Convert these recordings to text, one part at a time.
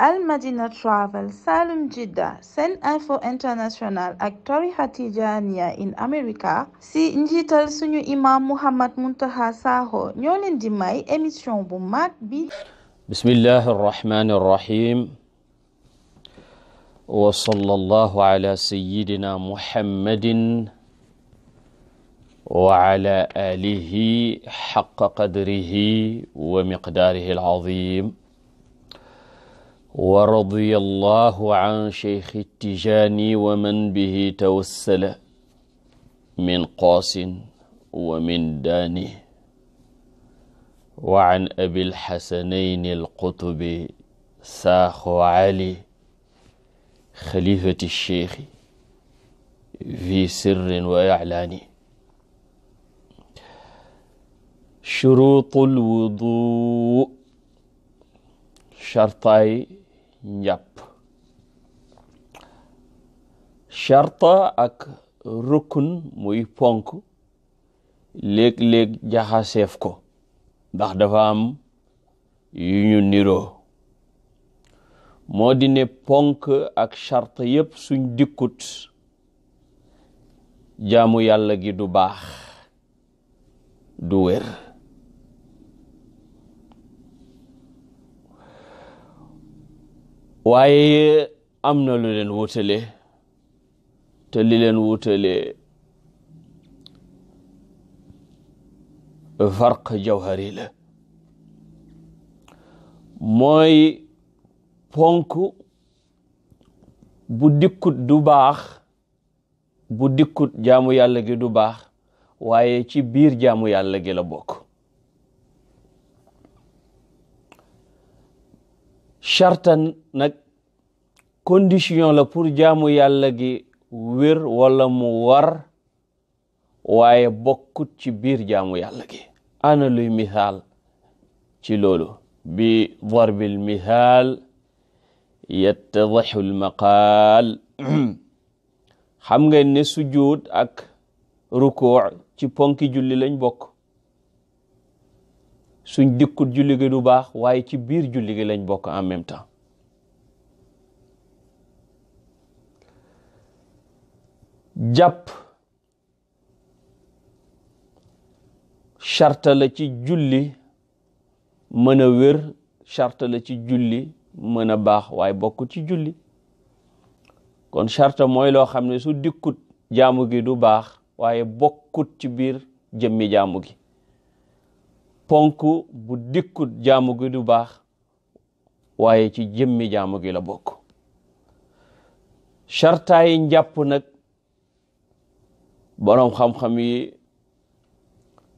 Al Madina Travel Salum Jidda SeneInfo International ak tarixa Tijaaniya in America si njiital suñu imam Muhammad Muntaqa Sakho ñoo leen di may émission bu mag bi bismillahi arrahmani arrahim wa sallallahu ala sayyidina muhammadin wa ala alihi haqqa qadrihi wa miqdaarihi al-azim ورضي الله عن شيخ التجاني ومن به توسل من قاس ومن داني وعن أبي الحسنين القطب ساخو علي خليفة الشيخ في سر وإعلان شروط الوضوء chartaay njàpp charta ak rukun muy ponk léeg-léeg jaxaseef ko ndax dafa am yu ñu niroo moo di ne ponk ak charte yépp suñ dikkut jaamu yàlla gi du baax du wér waaye am na lu leen wutale te li leen wutale farq jawhari la mooy ponk bu dikkut du baax bu yàlla gi du baax waaye ci biir jaamu yàlla gi la bokk chartan nag condition la pour jaamu yàlla gi wér wala mu war waaye bokkut ci biir jaamu yàlla gi ana luy misaal ci loolu bi darbil misaal yattadixu lmaqaal xam ngeen ne sujud ak rukuuc ci ponki julli lañ bokk suñ dikkut julli gi du baax waaye ci biir julli gi lañ bokk en même temps jàpp charte la ci julli mën a wér charte la ci julli mën a baax waaye bokkut ci julli kon charte moy loo xam ne su dikkut jaamu gi du baax waaye bokkut ci biir jëmmi jaamu gi ponk bu dikkut jaamu gi du baax waaye ci jëmmi jaamu gi la bokk chartaayi njàpp nag boroom xam-xam yi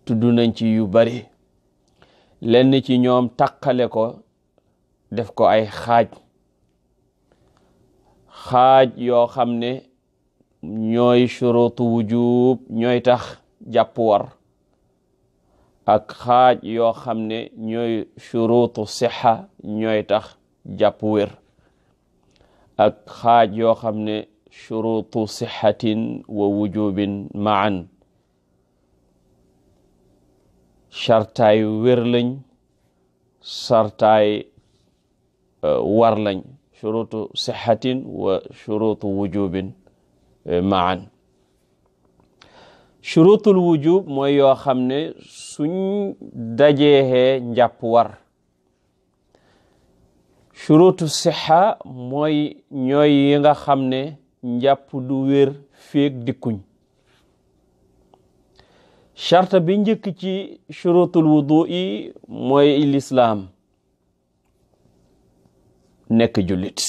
tudd nañ ci yu bari lenn ci ñoom takkale ko def ko ay xaaj xaaj yoo xam ne ñooy shurutu wujub ñooy tax jàpp war ak xaaj yoo xam ne ñooy churutu sixa ñooy tax jàpp wér ak xaaj yoo xam ne churutu sixatin wa wujubin maan sartaay wér lañ sartaay euh, war lañ churutu sixatin wa churutu wujubin euh, maan shurutul wujub mooy yoo xam ne suñ dajeexee njàpp war shurutu sixa mooy ñooy yi nga xam ne njàpp du wér féeg dikkuñ sharta bi njëkk ci shurutul wudu yi mooy lislaam nekk jullit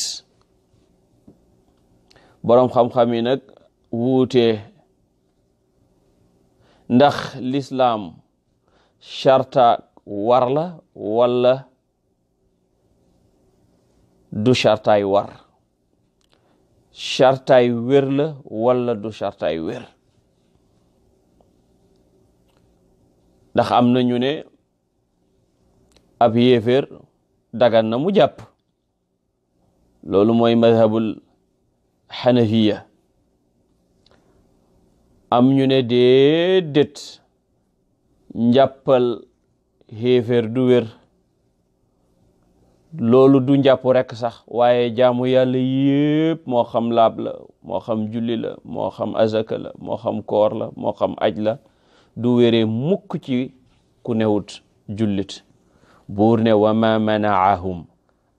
boroom xam-xam yi nag wuutee ndax lislaam charta warla la du chartaay war chartaay wér la du chartaay wér ndax am na ñu ne ab yéeféer dagan na mu jàpp loolu mooy madhabul xanafiya am ñu ne déedéet njàppal xéeféer du wér loolu du njàpp rekk sax waaye jaamu yàlla yépp moo xam laab la moo xam julli la moo xam azaka la moo du wéree mukk ci ku newut jullit buur ne wa ma manaahum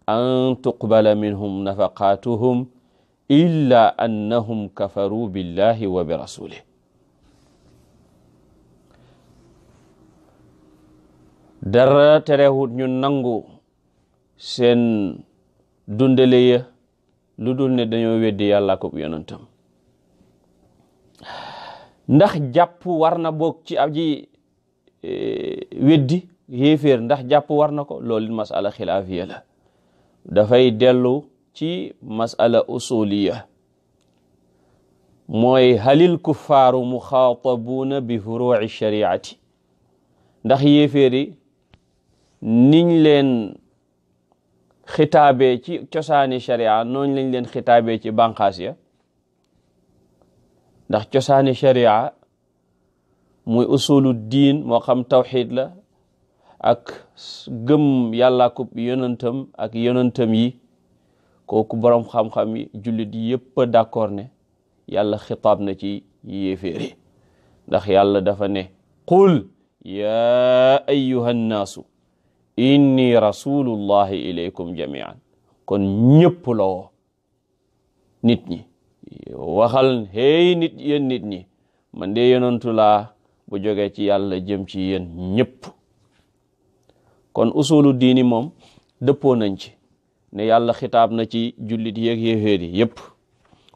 an tuqbala minhum nafaqaatuhum illa annahum kafaru billahi wa bi rasulih dara terewut ñu nangu seen dundale lu dul ne dañoo weddi yàlla ko yonentam ndax jàpp war na bokk ci ab ji e, weddi yéeféer ndax jàpp war na ko loolu it masala xilaafiya la dafay dellu ci masala usuliya mooy halil kuffaaru muxaatabuuna bi furuci shariati ndax yéeféeri niñ leen xitaabee cosaani sharia noonu lañ leen xitaabee ci bànqaas ya ndax cosaani sharia muy usulu diin moo xam tawxid la ak gëm yàlla ku yonentam ak yonentam yi kooku boroom xam-xam yi jullit yépp d'accord ne yàlla xitaab na ci yéeféeri ndax yàlla dafa ne qul yaa ayyuhan inni rasulullahi ilaykum jamian kon ñëpp la nit ñi waxal hey nit yéen nit ñi man de bu joge ci yàlla jëm ci yéen ñëpp kon usulu diini moom dëppoo nañ ci ne yàlla xitaab na ci jullit yeeg yéeféer yi yëpp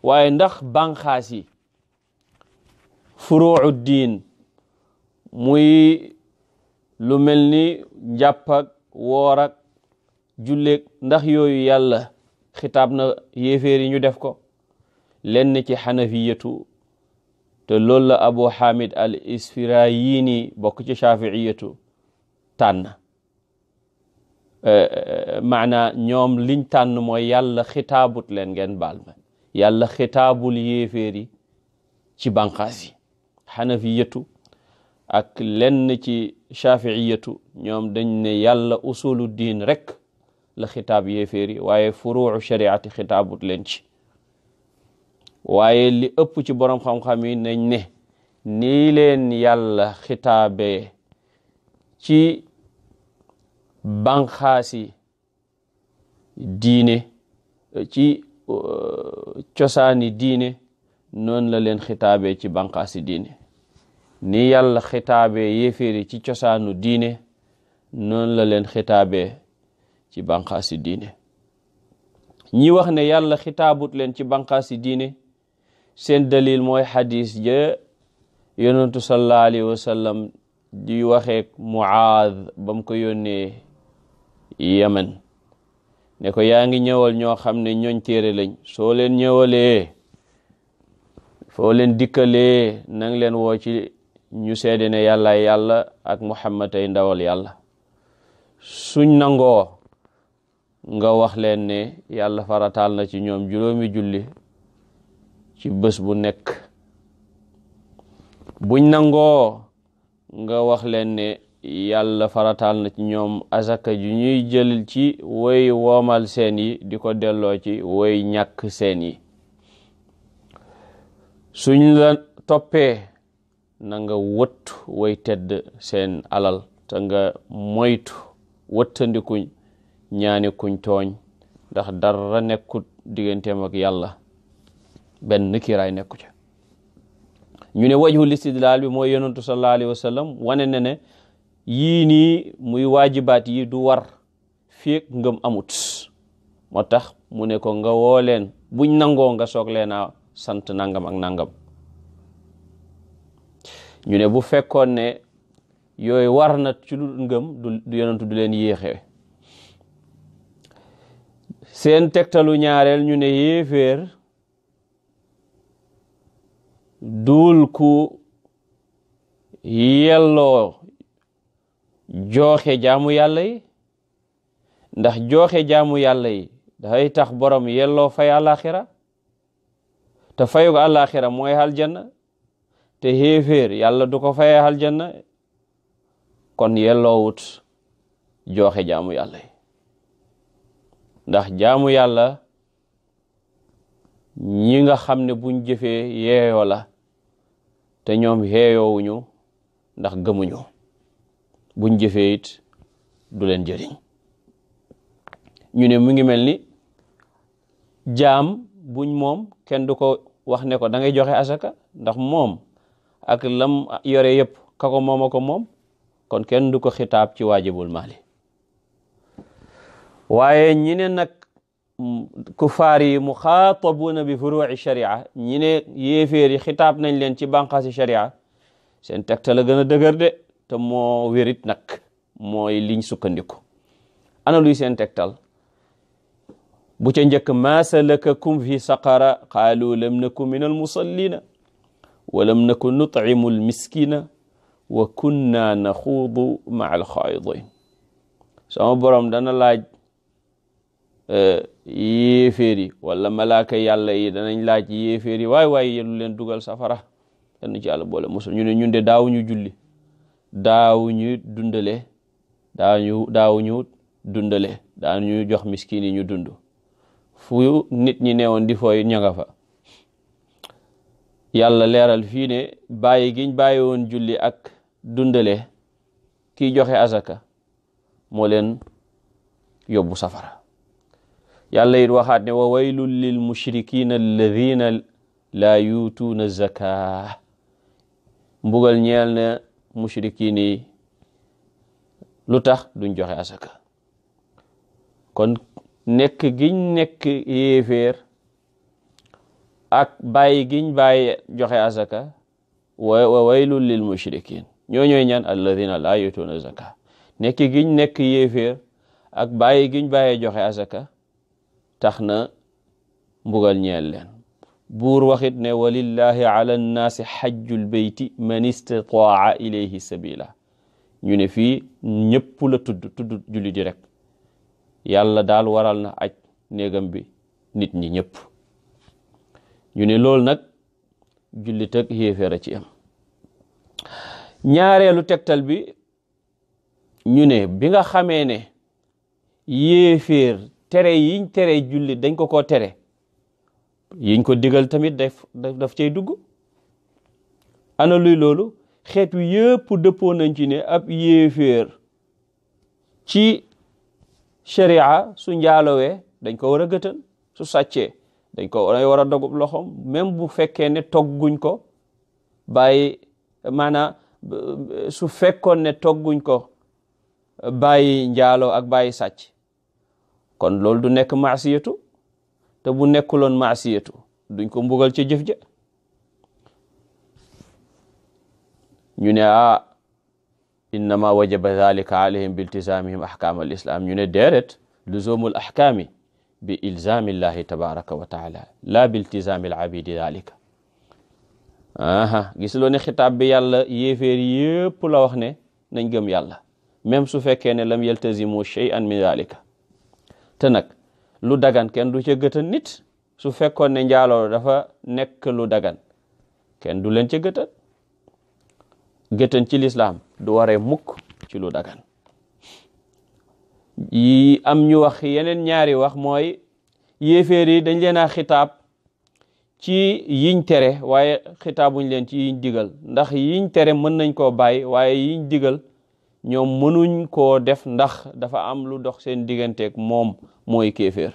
waaye ndax banqaas yi furuu muy lu mel ni njàpp ak woor ak julleeg ndax yooyu yàlla xitaab na yéeféer yi ñu def ko lenn ci xanafiyatu te loolu la abu hamid al isfirayini bokk ci shafiiyatu tànn eh, eh, maana ñoom liñ tànn mooy yàlla xitaabut leen ngeen baal ma yàlla xitaabul yéeféer ci banqaas yi ak lenn ci shafi'iyatu ñoom dañ ne yàlla usulu diin rek la xitaab yéeféeri waaye furuu shariati xitaabut leen ci waaye li ëpp ci borom xam-xam yi nañ ne nii leen yàlla xitaabee ci banxaasi diine ci uh, cosaani diine noonu la leen xitaabee ci banxaasi diine ni yàlla xitaabee yéeféeri ci cosaanu diine noonu la leen xitaabee ci bànqaasi diine ñi wax ne yàlla xitaabut leen ci bànqaasi diine seen dalil mooy xadis ja yonentu sallallahu alayhi wa sallam di waxee Muaad bam ko yónnee Yaman ne ko yaa ngi ñëwal ñoo xam ne ñooñ téere lañ soo leen ñëwalee foo leen dikkalee nang leen woo ci ñu seede ne yàllaay yàlla ak muhammad ay ndawal yàlla suñ nangoo nga waxleen leen ne yàlla farataal na ci ñoom juróomi julli ci bés bu nekk buñ nangoo nga wax leen ne yàlla farataal na ci ñoom azaka ju ñuy jël ci woy woomal seen yi di ko delloo ci woy ñàkk seen yi suñ la toppee na nga wëttu tedd seen alal te nga moytu wëttandiku ñaani kuñ tooñ ndax dara nekkut digganteem ak yàlla benn kiiraay nekku ca ñu ne wajhul bi mooy yonentu sallallahu alayhi wa sallam wane ne ne yii nii muy waajibaat yi du war fiig ngëm amut moo tax mu ne ko nga woo buñ nangoo nga soog leen a sant nangam ak nangam ñu ne bu fekkoon ne yooyu war na ci lu ngëm du yonentu du leen yéexee seen tegtalu ñaareel ñu ne yéeféer duul ku yelloo jooxe jaamu yàlla yi ndax jooxe jaamu yàlla yi dafay tax borom yelloo fay àllaaxira te fayug àllaaxira mooy aljanna te xéeféer yàlla du ko fayee aljanna kon yelloowut jooxe jaamu yàlla yi ndax jaamu yàlla ñi nga xam ne buñ jëfee yeeyoo la te ñoom yeeyoowuñu ndax gëmuñu buñ jëfee it du leen jëriñ ñu ne mu ngi mel ni jaam buñ moom kenn du ko wax ne ko da ngay joxe asaka ndax moom ak lam yore yëpp ka ko moom ko moom kon kenn du ko xitaab ci waajibul maali waaye ñi ne nag kufaar yi muxaatabuuna bi furuci sharia ñi ne yéeféer yi xitaab nañ leen ci bànqaasi sharia seen tegta la gën a dëgër de te moo wérit nag mooy liñ sukkandiku ana luy seen tegtal bu ca njëkk ma salakakum fi saqara qaalu lam naku min al musallina walam naku nutcimu almiskina wa kunna naxuudu maa alxaayidin sama borom dana laaj eh, yéeféer yi wala malaaka yàlla yi danañ laaj yéeféer yi waay waay yelu leen dugal safara kenn ci yàlla boole musul ñu ne ñun de daawuñu julli daawuñu dundale daawuñu daawuñu dundale daawuñu jox miskin yi ñu dund fu nit ñi neewoon di fooy ña fa yàlla leeral fii ne bàyyi giñ bàyyi woon julli ak dundale kiy joxe azaka moo leen yóbbu safara yàlla it waxaat ne wa waylun lil mushrikina alladina laa yuutuuna mbugal ñeel na mushrikin yi lu tax duñ joxe azaka kon nekk giñ nekk yéeféer ak bàyyi giñ bàyyi joxe azaka wa waylul lil mushrikin ñoo ñooy ñaan alladina laa yutuuna zaka nekk giñ nekk yéeféer ak bàyyi giñ bàyyi joxe azaka tax na mbugal ñeel leen buur waxit ne walillahi ala nnaasi xajjul beyti man istataa ilayhi sabila ñu ne fii ñëpp la tudd tudd julli di rek yàlla daal waral na aj néegam bi nit ñi ñëpp ñu ne loolu nag jullit ak yéeféer a ci am ñaareelu tegtal bi ñu ne bi nga xamee ne yéeféer tere yiñ tere jullit dañ ko ko tere yiñ ko diggal tamit daf daf dugg ana luy loolu xeet wi yëpp dëppoo nañ ci ne ab yéeféer ci sharia su njaalowee dañ ko war a gëtan su sàccee dañ ko day war dogub loxoom même bu fekkee ne togguñ ko bàyyi maanaam su fekkoon ne togguñ ko bàyyi njaaloo ak bàyyi sàcc kon loolu du nekk maasiyatu te bu nekkuloon maasiyatu duñ ko mbugal ci jëf ja ñu a ah innama wajaba dhalika alayhim biltisamihim ahkam al islam ñu ne déeret luzumul ahkaami bi ilzami llahi tabaraka wa la bi iltizami alabidi dalika aha gis loo ne bi yàlla yéeféer yépp la wax ne nañ gëm yàlla même su fekkee ne lam yaltazimu shay'an min dalika te nag lu dagan kenn du ca gëtan nit su fekkoon ne njaaloo dafa nekk lu dagan kenn du leen ca gëtan gëtan ci lislaam du waree mukk ci lu dagan yi am ñu wax yeneen ñaari wax mooy yéeféer yi dañ leen xitaab ci yiñ tere waaye xitaabuñ leen ci yiñ digal ndax yiñ tere mën nañ koo bàyyi waaye yiñ digal ñoom mënuñ koo def ndax dafa am lu dox seen digganteeg moom mooy kéeféer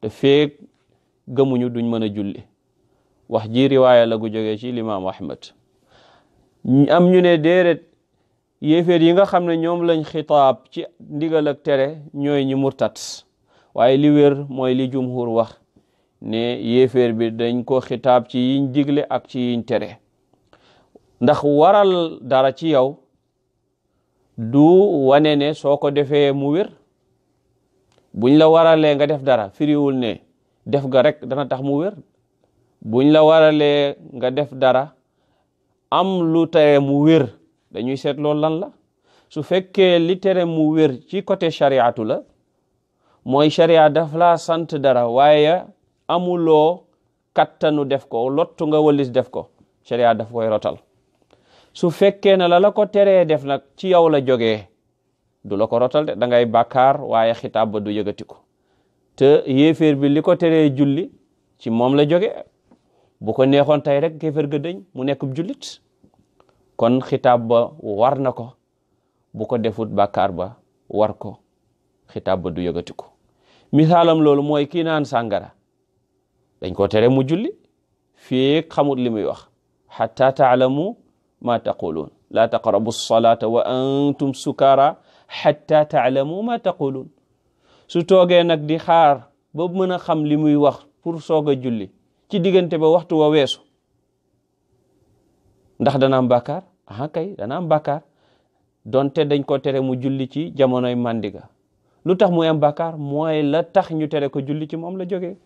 te feeg gëmuñu duñ mën a julli wax ji riwaaya la gu jógee ci limaam Ahmad am ñu ne déeret yéeféer yi nga xam ne ñoom lañ xitaab ci ndigal ak tere ñooy ñi murtat waaye li wér mooy li jumhur wax ne yéeféer bi dañ ko xitaab ci yiñ digle ak ci yiñ tere ndax waral dara ci yow du wane ne soo ko defee mu wér buñ la waralee nga def dara firiwul ne def ga rek dana tax mu wér buñ la waralee nga def dara am lu tere mu wér dañuy seet loolu lan la su fekkee li tere mu wér ci côté chariatu la mooy charia daf la sant dara waaye amuloo kattanu def ko lottu nga wallis def ko charia daf koy rotal su fekkee na la la ko teree def nag ci yow la jógee du la ko rotal de da ngay bàkkaar waaye xitaab ba du yëgati ko te yéeféer bi li ko teree julli ci moom la jóge bu ko neexoon tey rek kéeféer ga dëñ mu nekk jullit kon xitaab ba war na ko bu ko defut bàkkaar ba war ko xitaab ba du yëgati ko misaalam loolu mooy kii naan sàngara dañ ko tere mu julli fii xamut li muy wax xatta taalamu ma taquluun laa taqrabu wa antum sukaara xatta taalamu ma taquluun su toogee nag di xaar ba mën a xam li muy wax pour soog a julli ci diggante ba waxtu wa weesu ndax dana bakar ah kay dana am bàkkaar donte dañ ko tere mu julli ci jamonoy màndiga lu tax muy am bàkkaar mooy la tax ñu tere ko julli ci moom la jógee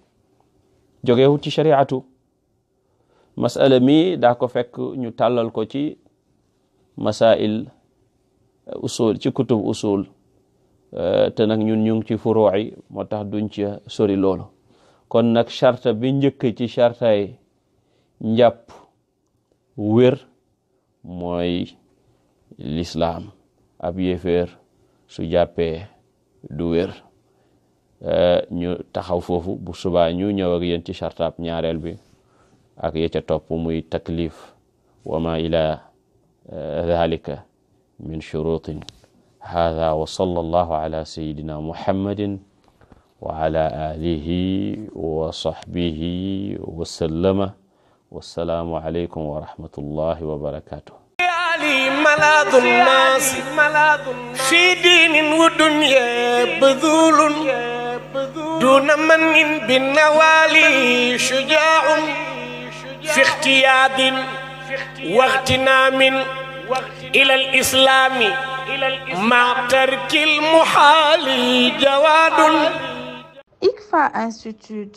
jógeewut ci shariatu masala mi daa ko fekk ñu tàllal ko ci masail uh, usul ci kutub usul uh, te nag ñun ñu ngi ci furuuy moo tax duñ ci sori loolu kon nag charta bi njëkk ci charta yi njàpp wér mooy lislaam ab yéeféer su jàppee du wér euh, ñu taxaw foofu bu subaa ñu ñëw ak yéen ci chartaab ñaareel bi ak ya ca topp muy taklif wa ma ila dhalika euh, min shurutin hadha wa sallallahu ala sayidina wa ala wa sahbihi wa sallama والسلام عليكم ورحمة الله وبركاته يا علي ملاذ الناس في دين ودنيا بذول دون من بالنوالي شجاع في اختياد واغتنام إلى الإسلام مع ترك المحال جواد ICFA Institute